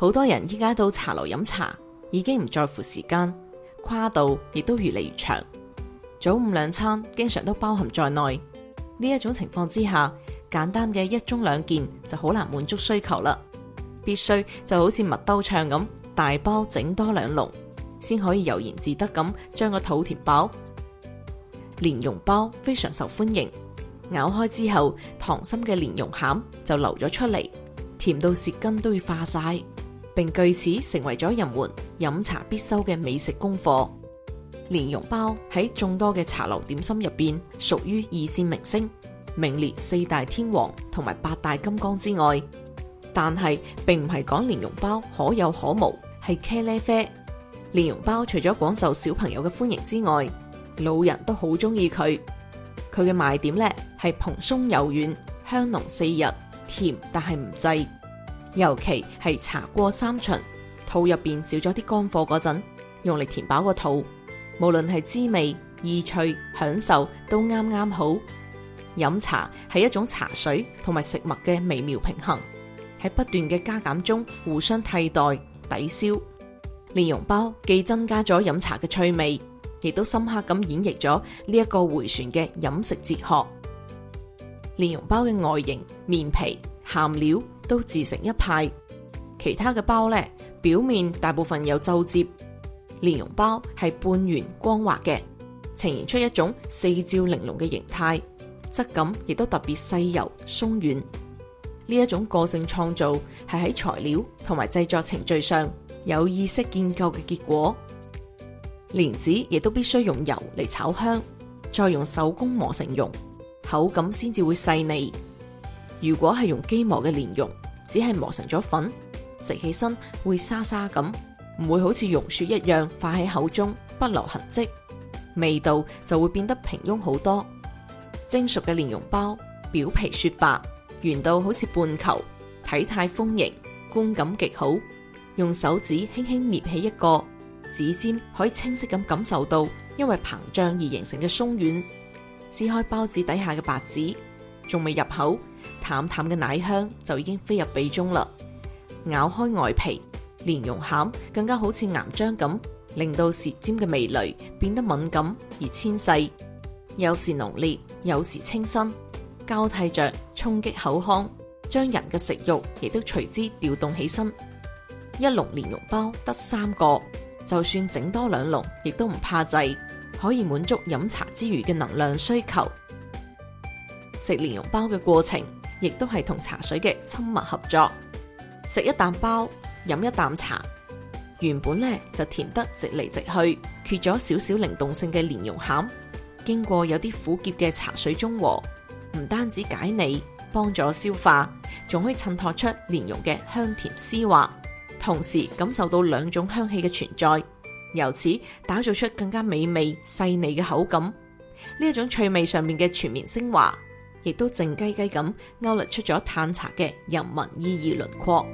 好多人依家到茶樓飲茶，已經唔在乎時間，跨度亦都越嚟越長。早午兩餐經常都包含在內。呢一種情況之下，簡單嘅一盅兩件就好難滿足需求啦。必須就好似麥兜唱咁，大包整多兩籠，先可以悠然自得咁將個肚填飽。蓮蓉包非常受歡迎，咬開之後，溏心嘅蓮蓉餡就流咗出嚟，甜到舌根都要化晒。並據此成為咗人們飲茶必修嘅美食功課。蓮蓉包喺眾多嘅茶樓點心入邊，屬於二線明星，名列四大天王同埋八大金剛之外。但係並唔係講蓮蓉包可有可無，係茄喱啡。蓮蓉包除咗廣受小朋友嘅歡迎之外，老人都好中意佢。佢嘅賣點呢，係蓬鬆柔軟、香濃四溢、甜但係唔滯。尤其係茶過三巡，肚入邊少咗啲乾貨嗰陣，用嚟填飽個肚。無論係滋味、意趣、享受，都啱啱好。飲茶係一種茶水同埋食物嘅微妙平衡，喺不斷嘅加減中互相替代抵消。蓮蓉包既增加咗飲茶嘅趣味，亦都深刻咁演繹咗呢一個回旋嘅飲食哲學。蓮蓉包嘅外形、麵皮、餡料，都自成一派，其他嘅包呢，表面大部分有皺褶，蓮蓉包係半圓光滑嘅，呈現出一種四照玲瓏嘅形態，質感亦都特別細柔鬆軟。呢一種個性創造係喺材料同埋製作程序上有意識建構嘅結果。蓮子亦都必須用油嚟炒香，再用手工磨成蓉，口感先至會細膩。如果係用機磨嘅蓮蓉，只係磨成咗粉，食起身會沙沙咁，唔會好似融雪一樣化喺口中，不留痕迹，味道就會變得平庸好多。蒸熟嘅蓮蓉包，表皮雪白，圓到好似半球，體態豐盈，觀感極好。用手指輕輕捏起一個，指尖可以清晰咁感受到因為膨脹而形成嘅鬆軟。撕開包子底下嘅白紙。仲未入口，淡淡嘅奶香就已經飛入鼻中啦。咬開外皮，蓮蓉餡更加好似岩漿咁，令到舌尖嘅味蕾變得敏感而纖細。有時濃烈，有時清新，交替着衝擊口腔，將人嘅食欲亦都隨之調動起身。一籠蓮蓉包得三個，就算整多兩籠，亦都唔怕滯，可以滿足飲茶之餘嘅能量需求。食蓮蓉包嘅過程，亦都係同茶水嘅親密合作。食一啖包，飲一啖茶，原本咧就甜得直嚟直去，缺咗少少靈動性嘅蓮蓉餡，經過有啲苦澀嘅茶水中和，唔單止解膩，幫助消化，仲可以襯托出蓮蓉嘅香甜絲滑。同時感受到兩種香氣嘅存在，由此打造出更加美味細膩嘅口感。呢一種趣味上面嘅全面升華。亦都靜雞雞咁勾勒出咗嘆茶嘅人文意義輪廓。